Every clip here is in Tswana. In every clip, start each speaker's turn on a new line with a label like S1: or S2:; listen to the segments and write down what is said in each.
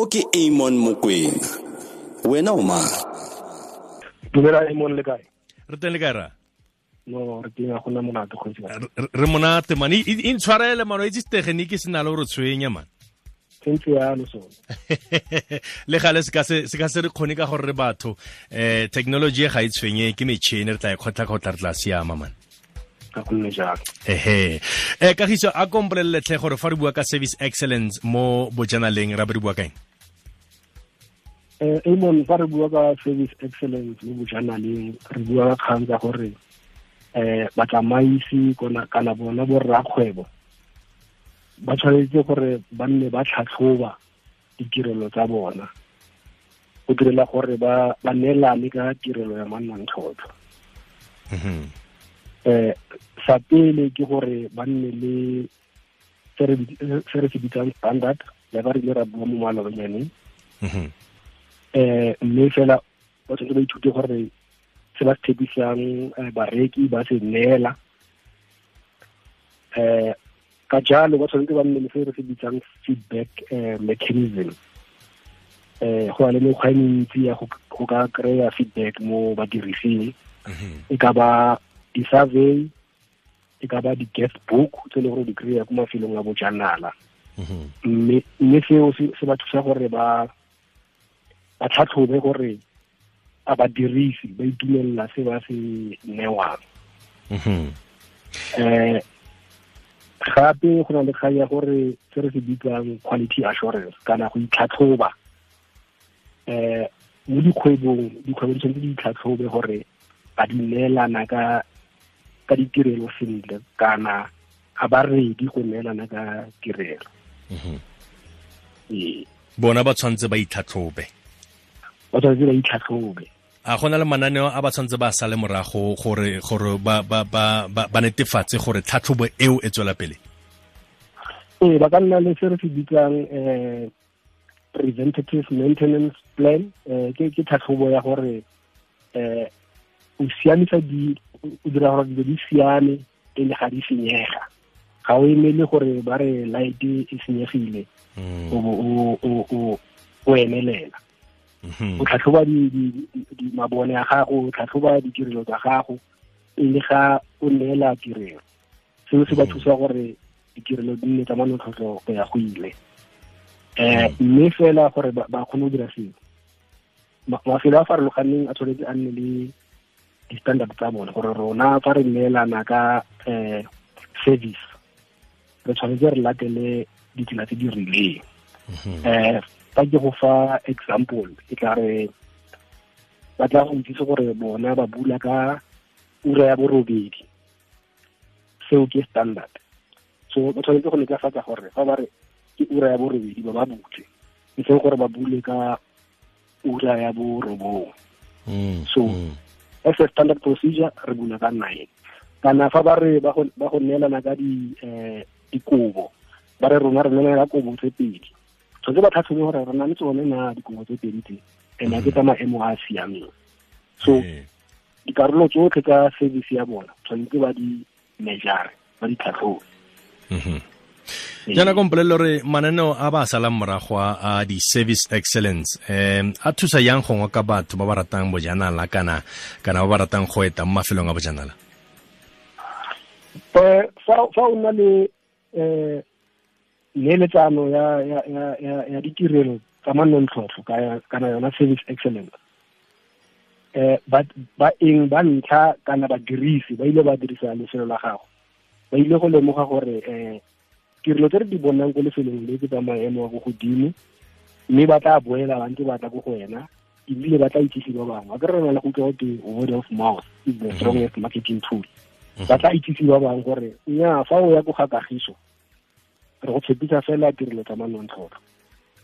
S1: o ke amon mokwena wena o mang dumela re teng le monate man e, e, e ntshwarele mano itse tegeniki se na le gore tshwenya mane le gale se ka se re kgone ka gore re batho eh e ga e tshwenye ke metšhini re tla e kgotlha-kgotlha re tla siama mane ka gonne ehe eh kagiso a kompoleleletlhe gore fa re bua ka service excellence mo bojanaleng ra be re bua kaeng
S2: Amon eh, fa re bua ka service excellence mo bojanaleng re bua ka kgang tsa gore um batsamaisi kana bona borrakgwebo ba tshwanetse gore ba nne ba tlhatlhoba ditirelo tsa bona go direla gore ba ba neelane ka tirelo ya mannantlhotlho um mm-hmm. eh, sa pele ke gore ba nne le se re se bitsang standard ya ba rile ra bua mo malobanyaneng mm-hmm eh mme fela ba tshwanetse ba ithute gore se ba se tshepisang eh, bareki ba se neela eh ka jalo ba tshwanetse ba nne le se re se bitsang feedback eh, mechanism eh go le mekgwa e mentsi ya go ka kry-a feedback mo badirising mhm. e ka ba di-survey e ka ba di-guest book tse e le gore di kry-a ko mafelong a bojanala mhm. mme seo se ba thusa gore ba ba tlhatlhobe gore a badirisi ba itumelela se ba se newang um gape go na le kgang ya gore se re se bitsang quality assurance kana go itlhatlhoba um mo dikgwebong dikgwebo di tshwanetse di itlhatlhobe gore ba di neelana ka ka ditirelo sentle kana ga ba redi go neelana ka tirelo mhm. ee.
S1: bona ba tshwanetse ba itlhatlhobe
S2: ba tshwanetse ba e itlhatlhobe
S1: a gona le mananeo a ba tshwanetse ba sale morago gore gore ba ba ba ba netefatse gore tlhatlhobo eo e tswela pele
S2: ee ba ka nna le se re se bitsang um preventative maintenance plan eh, ke ke tlhatlhobo ya gore um o siamisa di o dira gore dilo di siame pele ga di senyega ga o emele gore ba re light e senyegile mm. o o o o emelela Mhm. o tlhatlhoba mabone a gago o tlhatlhoba ditirelo tsa gago e le ga o neela tirelo seo se ba mhm. thusa gore ditirelo di nne tsa manotlhotlho go ya go ile um mme fela gore ba kgone go dira seo mafelo a farologaneng a tshwanetse a nne le di-standard tsa bone gore rona fa re neelana ka um service re tshwanetse re latele ditsela tse di rileng um fa ke go fa example e tla re ba tla go ntse gore bona ba bula ka ura ya borobedi seo ke standard so ba tshwanetse go netefatsa gore fa ba re ke ura ya borobedi ba ba butle e seo gore ba bule ka ura ya borobong mm, so mm. as a standard procedure re bula ka nine kana fa ba re ba go neelana ka eh, dikobo ba re rona re neelana ka kobo tse pedi tshwanetse ba tlhatlhobe gore re na le tsone na dikongo tse pedi tse and a ke mm-hmm. tsa maemo a a siameng so dikarolo tsotlhe tsa service ya bona tshwanetse ba di measure ba di tlhatlhobe
S1: mm-hmm. ee. jaana ko re mananeo a ba salang morago a di-service excellence um a thusa yang gongwe ka batho ba ba ratang bojanala kana kana ba ba ratang go eta mo mafelong a bojanala
S2: eh, fa o nna le um neeletsano ya, ya, ya, ya, ya ditirelo tsa mannontlhotlho kana yona service excellence eh but ba eng ba ntlha kana badirisi ba ile ba dirisa lefelo la gago ba ile go lemoga gore eh tirelo tse re di bonang ko lefelong le ke tsa maemo a go godimo mme ba tla boela ba ntse ba tla ko go wena ebile ba tla itsise ba bangwe ke re le go utlwa gote word of mouth is the strongest marketing tool mhm. ba tla itsise ba bangwe gore nya fa o ya ko gakagiso re go tshepisa fela tirelo tsa manontlhotlho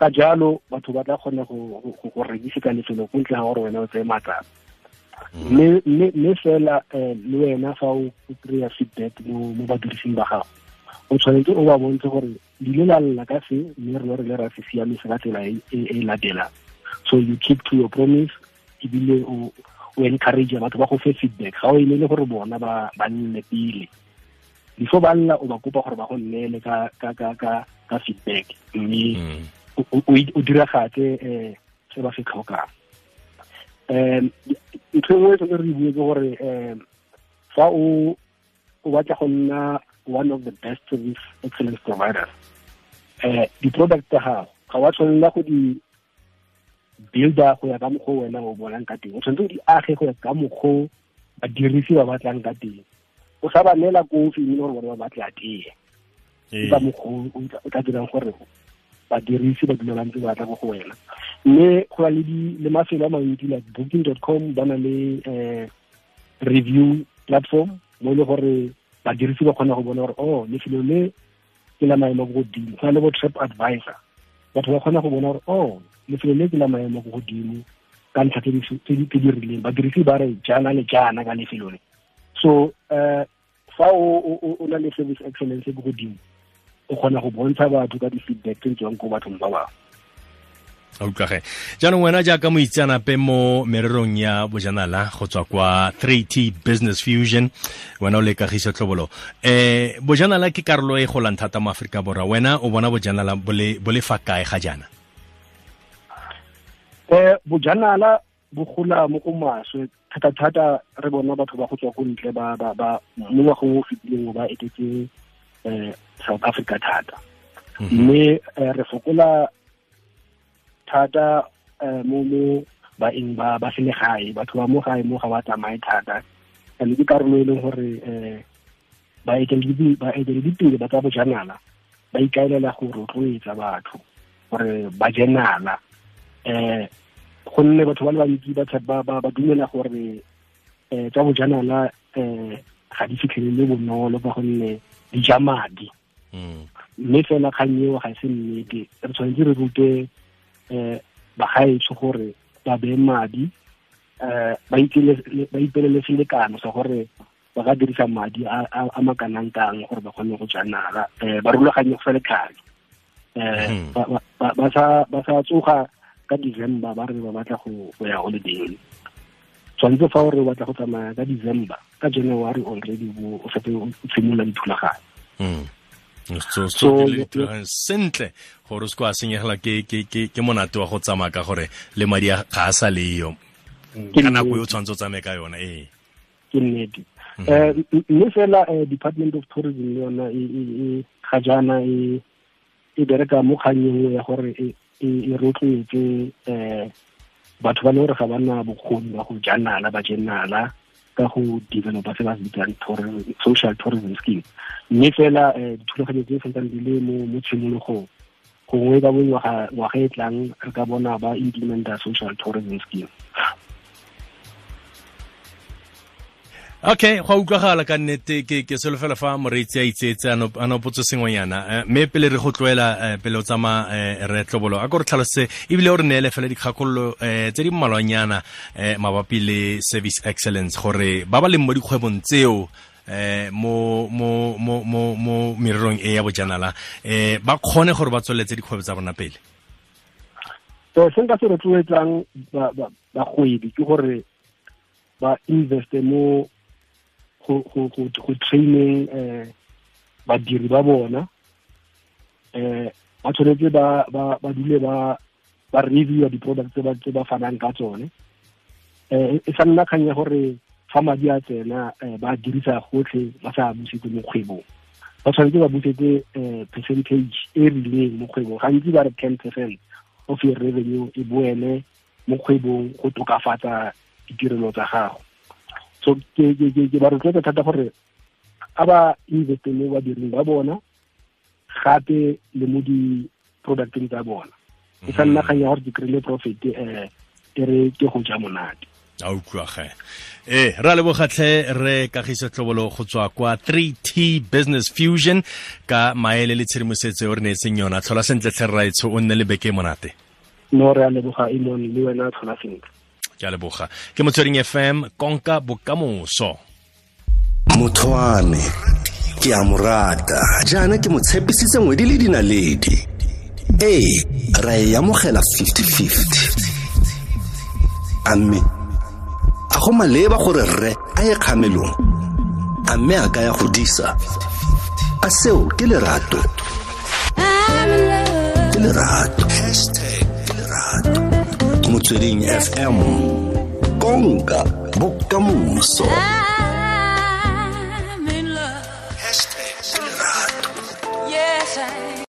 S2: ka jalo batho ba tla kgone go rekisika lefelo ko ntle ga gore wena o tseye matsapa mm. mme fela eh, le wena fa o kry-a feedback mo badirising ba gago o tshwanetse o ba bontshe gore di la lla ka se mme re re le ra se siamese ka tsela e, e, e latelang so you keep to your promise ebile o encourage batho ba go fe feedback ga o e le gore bona ba nne pele before ba lla o ba kopa gore ba go nneele ka ka ka ka ka feedback mme mm. o diragatse um eh, se ba se tlhokang um ntho engwe e tse re e bue ke gore um fa o o batla go nna one of the best service excellence providers um di-product tsa gago ga wa tshwanela go di builder go ya ka mokgwa wena o bonang ka teng o tshwanetse o di age go ya ka mokgwa badirisi ba batlang ka teng o sa ba neela ko fine gore bone ba batle a tee ee. ke ka mokgwa o tla dirang gore badirisi ba dula ba ntse ba tla go go wena mme go na le mafelo a mantsi like booking dot com ba na le um review platform mo e le gore badirisi ba kgona go bona gore o oh, lefelo le ke la maemo go godimo go na le bo trip advisor batho ba kgona go bona gore o oh, lefelo le ke la maemo go godimo ka ntlha tse di rileng badirisi ba re jaana le jaana ka lefelo le so um fa o na le service excellence go godimo o kgona go bontsha batho ka di-feedback tse tswang ko bathong ba bangwe
S1: utlwage jaanong wena jaaka moitseanape mo mererong ya bojanala go tswa kwa 3t business fusion wena o le kagiso tlhobolo eh bojanala ke karolo e golang thata mo aforika borwa wena o bona bojanala bo le fa kae ga jaana
S2: eh bojanala bo gola mo go maswe thata-thata re bona batho ba go tswa ko ntle ba ba ba mo ngwageng o fetileng ba etetse um eh, south africa thata mhm. mme eh, re fokola thata eh, mo mo baeng ba ba selegae batho ba mo gae mo ga ba tsamaye thata and ke karolo e leng gore um baeteledipele ba tsa bojanala ba ikaelela go rotloetsa batho gore ba jenala um gonne batho ba le bantsi ba dumela gore um tsa bojanala um ga di fitlhelele bonolo ka gonne di ja madi mm. mme fela kgang eo ga e se nnete re tshwanetse re rute um bagaetsho gore ba beye madi um ba ipelele selekano sa gore ba ka dirisa madi a makanang kang gore ba kgone go ja nala um ba rulaganye go sa lekgale um hmm. ba sa tsoga ka december ba re ba batla go ya holiday tshwanetse fa o re o batla go tsamaya ka december ka january already bo o setse o simolola hmm.
S1: dithulaganyo sentle gore o se ko a senyegela ke monate wa go tsamaya ka gore le madi ga a sa leyo
S2: ka nako yo
S1: e o tshwanetse o tsamaye ka yona ee
S2: ke nnete um mme fela eh, department of tourism le yona e, e, ga jaana e bereka mo kganyeng ya gore e, e rotloetse um eh, batho ba le gore ga ba na bokgoni ba go janala ba jenala ka go developa se ba se bitsang social tourism scheme mme fela um dithulaganyo tse santsang di le mo tshimologong gongwe ka bongwaga e tlang re ka bona ba implementa social tourism scheme
S1: okay go a utlwagala ka nnete ke ke solofela fa moreetsi a itseetse a nopotso sengwenyana eh, mme pele re go tloela eh, pele o tsama eh, re tlobolo a ko re tlhalose ebile o re neele fela dikgakololo tse di mmalwanyana mabapi le service excellence gore ba ba leng mo dikgwebong tseo eh mo mo mo mo mo mererong e ya bojanala eh ba kgone gore ba tsweletse dikgwebo tsa bona pele
S2: so se nka se rotloetsang bagwedi ke gore ba investe mo go traineng um badiri ba bona um ba tshwanetse ba dule ba reviewa di-product tse ba fanang ka tsone um e sa nna kgang ya gore fa madi a tsena ba dirisa gotlhe ba sa busetse mo kgwebong ba tshwanetse ba busetse um percentage e rileng mo kgwebong gantsi ba re ten percent of your revenue e boele mo kgwebong go tokafatsa ditirelo tsa gago so ke ba rotloetsa thata gore a ba investe mo badiring ba bona gape le mo di-producteng tsa bona e sa nna mhm. kgang ya gore ke kry-ile profit um e re ke go ja monate
S1: a utlwage ee eh, re a lebogatlhe re kagiso tlobolo go tswa kwa 3t business fusion ka maele le tshedimosetso o e re neetseng yona tlhola sentle tlhe rraetsho o nne le beke e monate
S2: no re a leboga emon le wena tlhola sentle
S1: ke a leboga ke motsweding fm konka bokamoso motho wa me ke a mo rata jaana ke mo tshepisitse ngwedi le dinaledi ee ra e amogela 50-50 a mme a go maleba gore rre a ye kgamelong a mme a ka ya godisa a seo ke lerato ke lerato motsweding fm konka bokamoso ah!